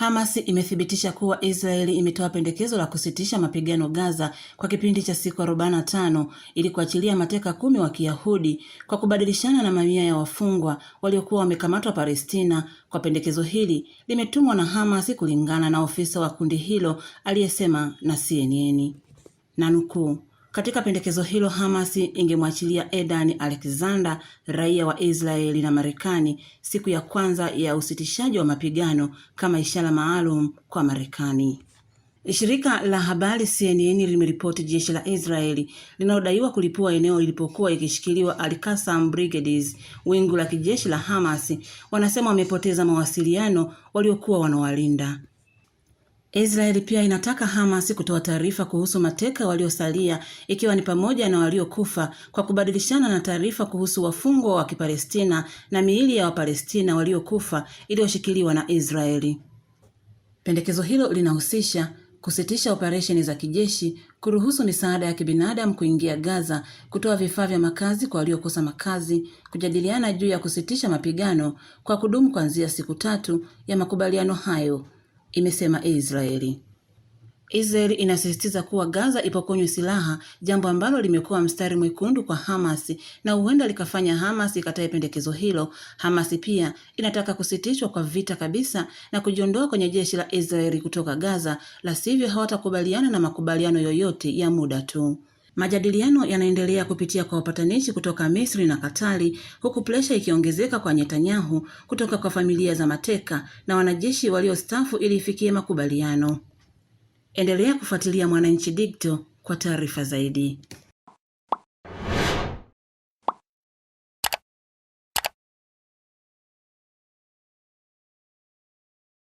Hamas imethibitisha kuwa Israeli imetoa pendekezo la kusitisha mapigano Gaza kwa kipindi cha siku 45 ili kuachilia mateka kumi wa Kiyahudi kwa kubadilishana na mamia ya wafungwa waliokuwa wamekamatwa Palestina, kwa pendekezo hili limetumwa na Hamas kulingana na ofisa wa kundi hilo aliyesema na CNN. Na nukuu, katika pendekezo hilo, Hamas ingemwachilia Edan Alexander, raia wa Israeli na Marekani, siku ya kwanza ya usitishaji wa mapigano kama ishara maalum kwa Marekani. Shirika la habari CNN limeripoti jeshi la Israeli linalodaiwa kulipua eneo ilipokuwa ikishikiliwa Al-Qassam Brigades, wingu la kijeshi la Hamas, wanasema wamepoteza mawasiliano waliokuwa wanawalinda. Israeli pia inataka Hamas kutoa taarifa kuhusu mateka waliosalia ikiwa ni pamoja na waliokufa kwa kubadilishana na taarifa kuhusu wafungwa wa Kipalestina na miili ya Wapalestina waliokufa iliyoshikiliwa na Israeli. Pendekezo hilo linahusisha kusitisha operesheni za kijeshi, kuruhusu misaada ya kibinadamu kuingia Gaza, kutoa vifaa vya makazi kwa waliokosa makazi, kujadiliana juu ya kusitisha mapigano kwa kudumu kuanzia siku tatu ya makubaliano hayo imesema Israeli. israeli inasisitiza kuwa Gaza ipokonywe silaha, jambo ambalo limekuwa mstari mwekundu kwa Hamas na huenda likafanya Hamas ikatae pendekezo hilo. Hamas pia inataka kusitishwa kwa vita kabisa na kujiondoa kwenye jeshi la Israeli kutoka Gaza, la sivyo hawatakubaliana na makubaliano yoyote ya muda tu. Majadiliano yanaendelea kupitia kwa wapatanishi kutoka Misri na Katari, huku presha ikiongezeka kwa Netanyahu kutoka kwa familia za mateka na wanajeshi waliostaafu ili ifikie makubaliano. Endelea kufuatilia Mwananchi Digital kwa taarifa zaidi.